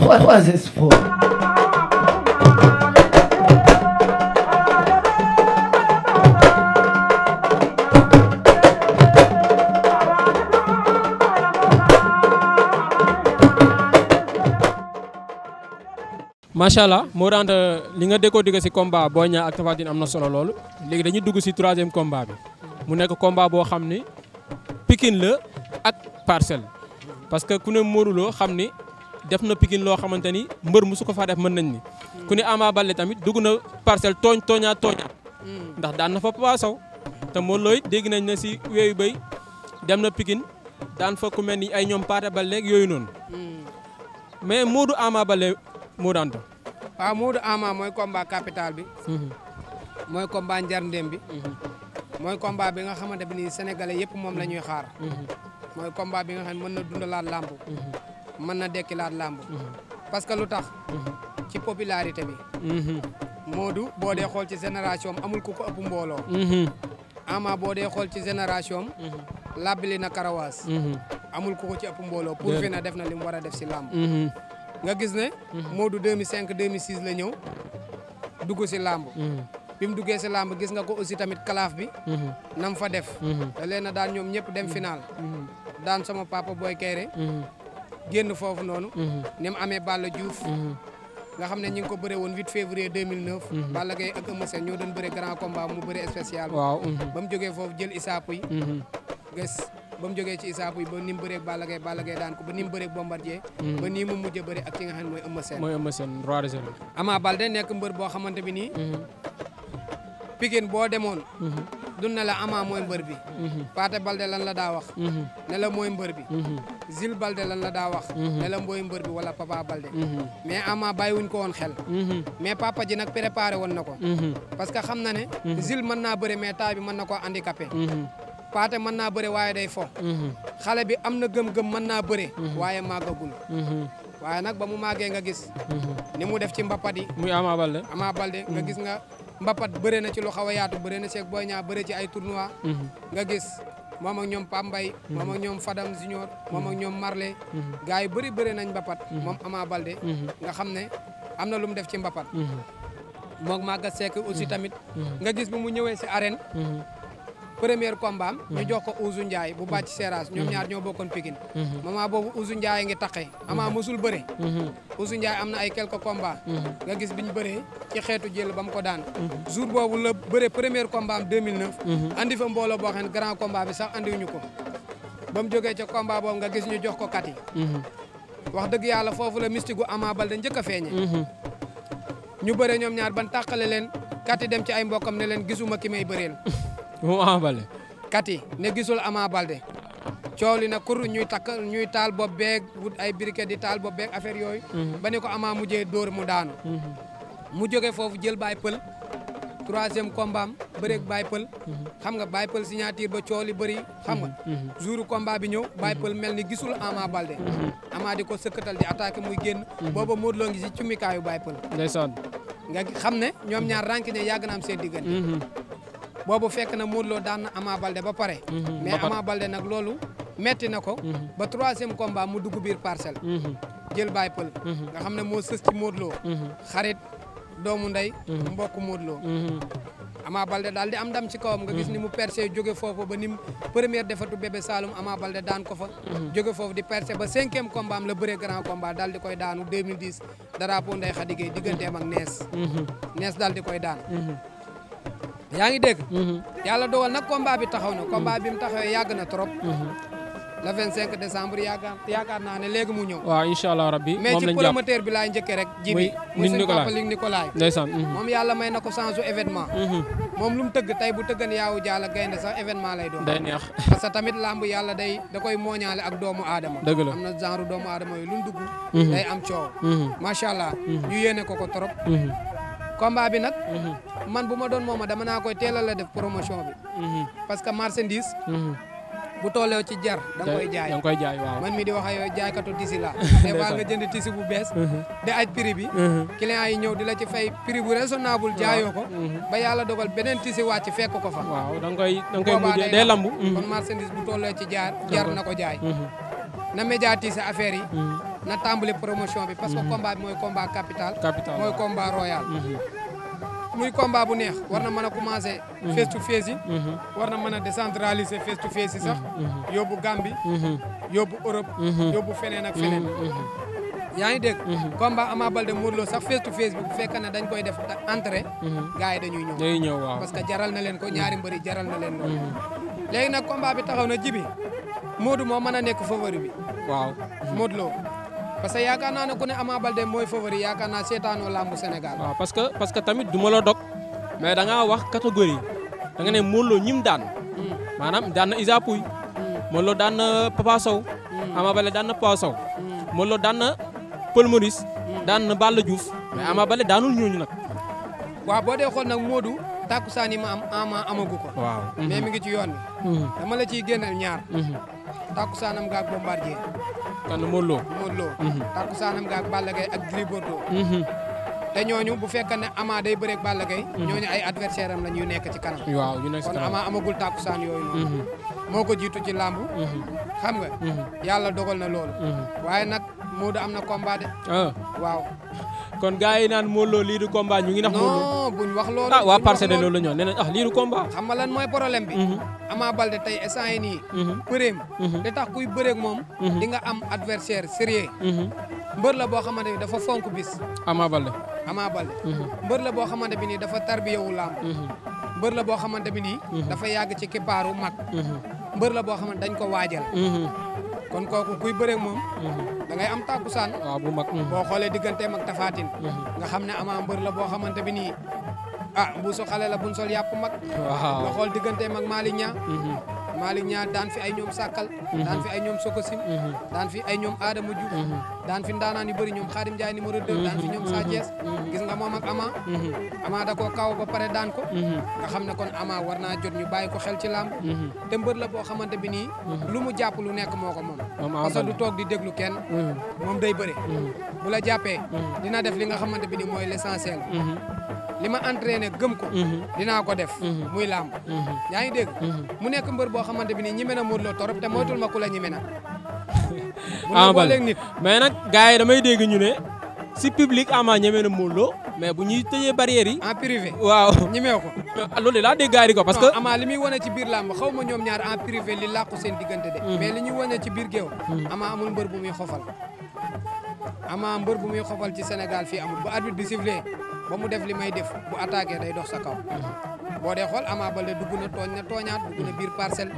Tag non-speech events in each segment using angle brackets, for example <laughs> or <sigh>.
trois espoirs. macha allah moo daan li nga décortiquer ci combat Boy Niang ak Tapha am na solo loolu léegi dañuy dugg ci troisième komba bi mu nekk komba boo xam ni Pikine la ak Parcelles parce que ku ne Modou xam ni def na pikin loo xamante ni mbër mu su ko faa def mën nañ ni ku ne Ama bale tamit dugg na parcelle tooñ tooñaat tooñaat ndax daan na fa Papa Sow te Modou Lo dégg nañ na si weeyu béy dem na pikin daan fa ku mel ni ay ñoom Paate Baldé ak yooyu noonu mais Modou Ama Baldé moo daan ta waaw Modou Ama mooy combat capital bi mhm. mooy combat njarndéem bi mhm. mooy combat bi nga xamante bi nii sénégalais yëpp moom la ñuy xaar mhm. mooy combat bi nga xam ne mën na dundalaat làmb mën na dekkilaat làmb mhm. parce que lu tax mhm. ci popularité bi mhm. Modou boo dee xool ci génération amul ku ko ëpp mbooloo Ama boo dee xool ci génération làbbili na karawaas amul ku ko ci ëpp mbooloo pour fi na def na li mu war a def si làmb nga gis ne Modou 2005 2006 la ñëw dugg si làmb bi mu duggee si làmb gis nga ko aussi tamit kalaaf bi nam fa def da leen a daan ñoom ñëpp dem final daan sama papa Boy Kéré génn foofu noonu. Mhm. ni mu amee Balla Diouf. Mhm. nga xam ne ñu ngi ko bëree woon 8 février 2009. Mhm. Balla Gaye ak Eumeu Sène ñoo doon bëri grand combat mu bëri spécial. waaw ba mu jógee foofu jël isaapu yi. gës ba mu jógee ci isaapu yi ba ni mu bëree Balla Gaye Balla Gaye daan ko ba ni mu bëree Bombardier. ba nii mu mujj a bëri ki nga xam ne mooy Eumeu Sène. mooy Eumeu Sène roi des arènes. Ama nekk mbër boo xamante bi nii. Pikine boo demoon. dun ne la Ama mooy mbër bi mhm. Paate Balde lan la daa wax mhm. ne la mooy mbër bi mhm. Zil Balde lan la daa wax ne la mooy mbër bi wala Papa Balde mais Ama bàyyiwuñ ko woon xel mais papa ji nag préparé woon na ko parce que xam na ne Zil man naa bëre mais taay bi mën na koo handicapé paate man naa bëre waaye day fo xale bi am na gëm-gëm mën naa bëre waaye màggagul waaye nag ba mu màggee nga gis ni mu def ci mbapat yi muy Ama Balde Ama Balde nga gis nga mbapat bëre na ci lu xaw yaatu bëre na ci ak Boy Niang ci ay tournoi mhm. nga gis moom ak ñoom Pambay mhm. moom ak ñoom Fadam Junior moom ak mhm. ñoom Marley gars yi bëri bëri nañ mbapat moom Ama Baldé nga xam ne am na lu mu def ci mbapat moom Maga Seck aussi tamit nga gis bi mu ñëwee si arène premier combat am mm. ñu jox ko Ousou Ndiaye bu bàcc Seras ñoom mm. ñaar ñoo bokkoon Pikine mm-hmm. moment boobu Ousou Ndiaye ngi taqe ama mm-hmm. mosul bëre mm-hmm. Ousou Ndiaye am na ay quelques combats nga gis biñu bëree ci xeetu jël bam ko daan jour boobu la bëre premier combat am 2009 andi fa mboolo boo xam ne grand bi sax andiwuñu ko ba mu jógee ca combat boobu nga gis ñu jox ko kat yi wax dëgg yàlla foofu la mystique gu Ama Baldé njëkk a feeñe ñu bëre ñoom ñaar ban tàqale leen kat dem ci ay mbokkam ne leen gisuma ki may bëreel <laughs> moom Ama Balde. kat yi na gisul Ama Balde coow li nag kur ñuy takk ñuy taal bopp wut ay briquet di taal bopp beeg affaire yooyu. Mhm. ba ne ko Ama mujjee dóor mu daanu. Mhm. mu jógee foofu jël baay pël troisième combat am bëreeg baay mhm. xam nga baay pël signature ba coow li bëri xam nga. jouru combat bi ñëw baay pël mel ni gisul Ama Balde. Ama di ko sëkkatal di attaqué muy génn. booba Modou Lo ngi si cummikaayu baay nga xam ne ñoom ñaar rànk ne yàgg na boobu fekk na Modou daan amaa Ama Balde ba pare. Mhm. mais Ama Balde nag loolu metti na ko. Mhm. ba troisième combat mu dugg biir parcelle. Mhm. jël baay pël. nga xam ne moo sës ci Modou xarit doomu ndey. mbokk Modou Lo. Ama Balde daal di am dam ci kawam nga gis ni mu percé jóge foofu ba nim première defatu bébé saalum Ama Balde daan ko fa jóge foofu di percé ba cinquième combat am la bëree grand combat daal di koy daanu 2010 drapeau Ndeye Khady Gueye digganteem ak nees nees daal di koy daan yaa ngi dégg. Mhm. yàlla dogal nag combat bi taxaw na. combat bi mu taxawee yàgg na trop. Mhm. le 25 décembre yaakaar yaakaar naa ne léegi mu ñëw. waaw incha allah rabbi moom lañ jàpp mais ci promoteur bi laay njëkkee rek. ji bi muy suñu papa Luc Nicolaï. Mhm. moom yàlla may na ko chance su événement. moom lu mu tëgg tey bu tëggan yaawu jaala gaynde sax événement lay doon. day neex parce que tamit lamb yàlla day da koy mooñaale ak doomu aadama. dëgg am na genre doomu aadama yi lu mu dugg. day am coow. macha allah. ñu yéene ko ko trop. combat bi nag. Mhm. man bu ma doon mooma dama naa koy teelal la def promotion bi. Mhm. parce que marchandise. Mhm. bu tollew ci jar da nga koy jaay koy jaay waaw man mi di wax ak yow jaaykatu tisi la <laughs> des fois nga jënd tisi bu bees da aj prix bi clients yi ñëw di la ci fay prix bu raisonnable jaayoo ko ba yàlla dogal beneen waa ci fekk ko fa waaw da nga koy da nga koy mujjee day lambu kon marchandise bu ci jaar jar na ko jaay na média tisi na tàmbali promotion bi. parce que mhm. combat mooy combat capital. capital mooy combat royal. Mhm. muy combat bu neex war na mën a commencer. Mhm. face to war na mën a décentraliser face to face yi sax. yóbbu Gambie. yóbbu Europe. yóbbu feneen ak feneen. yaa ngi dégg. combat amaa Baldé Modou sax face to bi bu fekkee ne dañ koy def entrée. gars yi dañuy ñëw. dañuy ñëw parce que jaral na leen ko ñaari mbëri jaral na leen léegi nag combat bi taxaw na jibi Modou moo mën a nekk favori bi. waaw Modou parce que yaakaar naa ne ku ne Ama Baldé mooy favori yaakaar naa seetaanoo làmbu Sénégal. waaw parce que parce que tamit du ma la dog mais da ngaa wax catégorie da nga ne Modou Lo ñim daan. maanaam daan na Isa Pouye. Modou Lo daan na Papa Sow. Ama Baldé daan na Papa Sow. Modou daan na Paul Maurice. daan na Balla Diouf mais Ama Baldé daanul ñooñu nag. waaw boo dee xool nag Modou tàkkusaan yi ma am Ama amagu ko. waaw mais mi ngi ci yoon bi. Mhm. dama la ciy génneel ñaar. Mhm. takkusaanam nga ak bombardier. kan Modou Lo Modou Lo. Mhm. takkusaanam nga ak Balla Gaye ak mhm. te ñooñu bu fekkee ne Ama day bëreeg Balla Gaye. Mhm. ñooñu ay adversaire am la ñuy nekk ci kanam. waaw ñu nekk ci kanam kon Ama amagul takkusaan yooyu moo ko jiitu ci làmb. xam nga. yàlla dogal na loolu. waaye nag Moodu am na combat de. Ah. waaw. kon gars yi naan Modou Lo lii du combat ñu ngi nax. Modou Lo buñ wax loolu. ah waa parcelle de loolu la ñu nee nañ ah lii du xam nga lan mooy problème bi. Mhm. Ama Baldé tey instant yii nii. Mhm. bëreem. da mhm. tax kuy bëreeg moom. di nga am adversaire sérieux. mbër la boo xamante ni dafa fonk bis. Ama Baldé. Ama Baldé. mbër la boo xamante bi nii dafa tarbiyewu làmb. mbër la boo xamante bi nii. dafa yàgg ci kippaaru mag. mbër la boo xamante dañ ko waajal. kon kooku da ngay am tàkkusaan waaw bu mag boo xoolee digganteem ak tafaatin mm-hmm. nga xam ne ama mbër la boo xamante bi nii ah mbuusu xale la buñ sol yàpp mag nga xool diggantee ak Malick Niang mm-hmm. Malick Niang daan fi ay ñoom Sakal. Mhm. daan fi ay ñoom Sokosim. Mhm. daan fi ay ñoom Adama Diouf. Mhm. daan fi ndaanaan yu bëri ñoom Khadim Ndiaye numéro 2. daan fi ñoom Sa Thiès. gis nga moom ak Ama. Ama da kaw ba pare daan ko. nga xam ne kon Ama war naa jot ñu bàyyi ko xel ci làmb. te mbër la boo xamante bi nii. lu mu jàpp lu nekk moo ko moom. parce que du toog di déglu kenn. moom day bëre. bu la jàppee. dina def li nga xamante bi nii mooy l'essentiel. li ma entraîné gëm ko mhm. dinaa ko def mhm. muy làmb mhm. yaa ngi dégg mu nekk mbër boo xamante bi nii ñi mën a Modou Lo torop te moytul ma ku la ñi mën a Ama mais nag gars yi damay dégg ñu ne si public ama ñemee na Modou Lo mais bu ñuy tëjee barrière yi en privé waaw ñemee ko <laughs> ah, loolu laa dégg gars yi ko parce que amaa li muy wane ci biir làmb xaw ma ñoom ñaar en privé li làqu seen diggante de mais li ñuy wane ci biir géew ama amul mbër bu muy xofal ama mbër bu muy xofal ci Sénégal fii amul bu arbitre bi sifflé ba mu def li may def bu attaqué day dox sa kaw. boo dee xool Ama Baldé dugg na tooñ na tooñaat dugg na biir parcelle.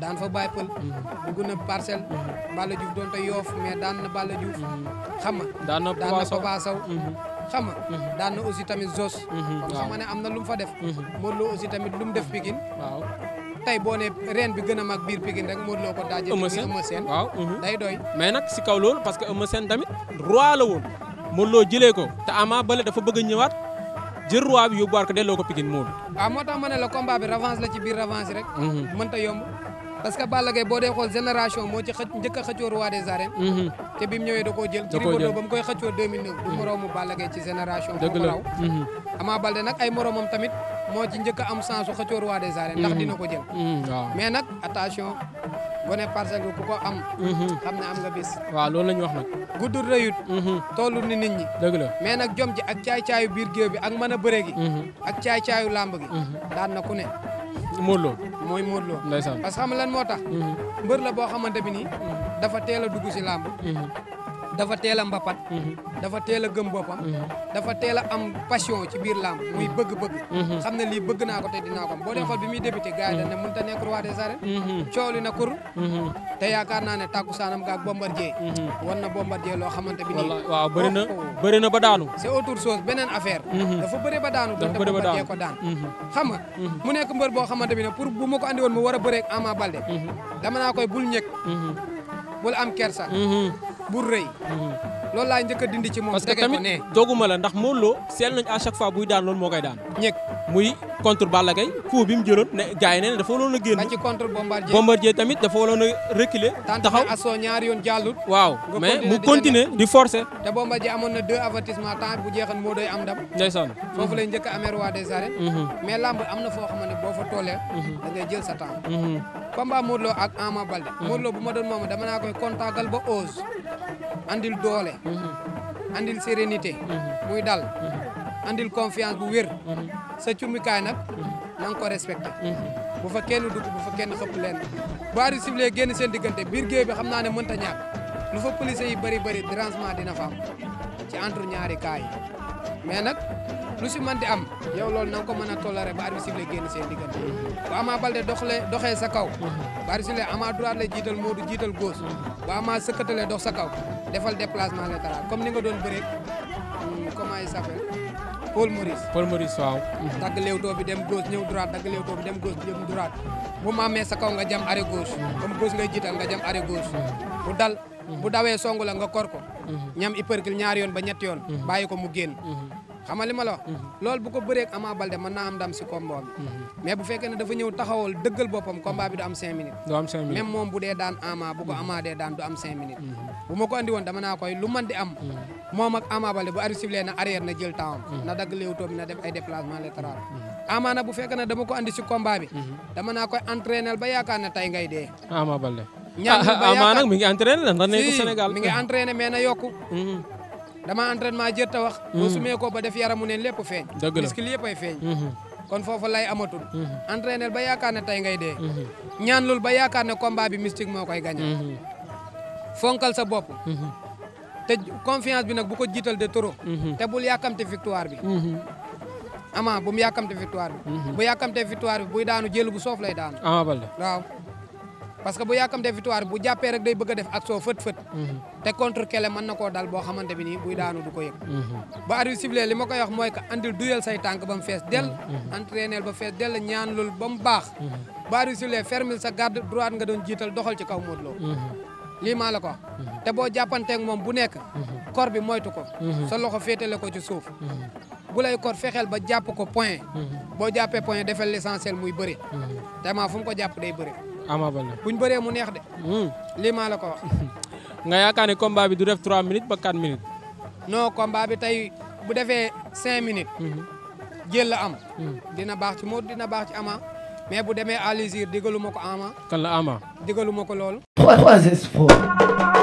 daan fa bàyyi pël. Mhm. dugg na parcelle. Mhm. Balla ju doon te yoof mais daan na Balla Diouf. Mhm. xam nga daan na Papa Sow xam nga daan na aussi tamit Zos. waaw xam ne am na lu mu fa def. Modou Lo aussi tamit lu mu def Pikine. tey boo nee reen bi gën a mag biir Pikine rek Modou Lo ko daajee. Eumeu Sène Eumeu Sène day doy mais nag si kaw loolu parce que Eumeu Sène tamit roi la woon. Modou loo jëlee ko te Ama Baldé dafa bëgg a ñëwaat jël roi bi yóbbuwaat ko delloo ko Pikine Modou. waaw ah, moo tax ma ne la combat bi revanche la ci biir revanche rek. Mhm. mënta yomb parce que Balla Gaye boo dee xool génération moo ci xëc njëkk a xëccoo roi des arènes. Mhm. te bi mu ñëwee da koo jël. da koo jël ba mu koy xëccoo 2009. du moroomu Balla Gaye ci génération. dëgg la raw mhm. Ama Baldé nag ay moroomam tamit moo ci njëkk am chance su xëccoo roi des arènes. ndax dina ko jël. nag attention. gone parcelle bi ku ko am mhm. xam ne am la bis waa loolu la ñu wax nag guddul rëyut mhm. tollul ni nit ñi dëgg la mais nag jom ji ak caay-caayu biir géew bi ak man a bëre gi mhm. ak caay-caayu làmb gi daan na ku ne Modou Lo mooy Modou Lo ndeysaan parce que xam lan moo tax mbër la boo xamante bi nii dafa teel a dugg si làmb dafa teel ba mbapat mhm. dafa teel a gëm boppam mhm. dafa teel a am passion ci biir làmb muy mhm. bëgg-bëgg xam ne lii bëgg naa ko te dinaa ko boo dee xool bi muy débuté gars yi dañ ne ta nekk roi des coow li na kur te yaakaar naa ne tàkkusaanam gaak bombardier wan na bombardier loo xamante bi nii waaw bëri na oh, oh. bëri na ba daanu c'est autre chose beneen affaire dafa bëri ba daanu dafa bëri ba daanu ko xam nga mu nekk mbër boo xamante bi ne pour bu ma ko andi woon mu war a bëreeg a Baldé dama naa koy bul ñëkk bul am kersa bu rëy. loolu laa njëkk a dindi ci moom. parce que tamit la ndax Modou Lo seetlu nañ à chaque fois buy daan loolu moo koy daan. ñeg muy contre Balla Gaye coup bi mu jëloon ne gars yi ne dafa waroon a génn. ba ci contre Bombardier Bombardier tamit dafa waroon a reculer. yoon jàllut. waaw mais mu continuer di forcer. te Bombardier amoon na deux avertissement temps bu jeexan moo doy am ndam. ndeysaan foofu lay njëkk a amee roi des arènes. Mhm. mais lamb am na foo xamante boo fa toolee. Mhm. da jël sa temps. Mhm. combat Modou Lo ak Ama Baldé. Modou Lo bu ma doon moom dama naa koy contactal andil doole andil sérénité muy dal andil confiance bu wér sa cumikaay nag na nga ko respecté bu fa kenn dugg bu fa kenn xëpp leen bu arbitre sifflé génn seen diggante biir géew bi xam naa ne mënta ñàkk lu fa police yi bëri bëri dérangement dina fa ci entre ñaari cas yi mais nag lu si mën di am yow loolu na ko mën a toléré ba arbitre sifflé génn seen diggante bu Ama Baldé doxle doxee sa kaw bu arbitre sifflé Ama droite lay jiital Modou jiital goos bu Ama sëkkatalee dox sa kaw defal déplacement latéral comme ni nga doon bëreeg hmm, comment il s'appelle Paul Maurice. Paul Maurice waaw. dagg léewtoo bi dem gauche ñëw droite dagg léewtoo bi dem gauche dem droite bu maamee sa kaw nga jam arrêt gauche. comme gauche ngay jiital nga jam arrêt gauche. bu dal bu dawee songu la nga kor ko. Mhm. ñam hypercule ñaari yoon ba ñetti yoon. Mhm. bàyyi ko mu génn. Mhm. xam ma la wax. loolu bu ko bëreeg Ama Balde mën naa am ndam si combat bi. Mhm. mais bu fekkee ne dafa ñëw taxawal dëggal boppam combat bi am cinq minutes. du am cinq minutes même moom bu dee daan ko Ama dee daan du am cinq mhm. bu ma ko andi mhm. na arrière na jël temps na dagg léewtoo bi na def ay déplacement latéral. Ama bu fekkee ne dama ko andi si combat bi. dama naa koy entraîner ba yaakaar na tey ngay dee. Ama Balde. ñaar ba ah, yaakaar Ama nag mi ngi entraîner ndax nee ko Sénégal mi ngi entraîner mais dama entraînement jër ta wax hmm. boo sumee ba def yaramu neen lépp feeñ parce que li yëpp feeñ hmm. kon foofu lay amatul hmm. entraîner ba yaakaar ne tey ngay dee ñaan loolu ba yaakaar ne combat bi mystique moo koy gañe fonkal sa bopp te confiance bi nag bu ko jiital de trop te bul yàkkamte victoire bi ama bu mu yàkkamte victoire bi bi buy daanu jël bu soof lay daanu Ama Baldé waaw parce que bu yàkkamte victoire bu jàppee rek day bëgg a def action fët fët mhm. te contre kele mën na ko dal boo xamante bi nii buy daanu du ko yëg mhm. ba ari ciblé li ma koy wax mooy que andil duyal say tànk ba mu fees dell mhm. entraîneel ba fees dell ñaan loolu ba mu baax ba ari ciblé fermil sa garde droite nga doon jiital doxal ci kaw Modou Lo lii maa la ko te boo jàppanteeg moom bu nekk kor bi moytu ko sa loxo féetale ko ci suuf bu lay kor fexeel ba jàpp ko point boo jàppee point defal l'essentiel muy bëri te fu mu ko jàpp day bëri Ama Baldé bu ñu bëree mu neex de. Hmm. lii maa la ko wax. nga yaakaar ne combat bi du def 3 minutes ba 4 minutes. non combat bi tey bu defee 5 minutes. Hmm. jël la am. Hmm. dina baax ci Modou dina baax ci Ama mais bu demee à l'usure digalu ko Ama. kan la Ama. digalu ko loolu.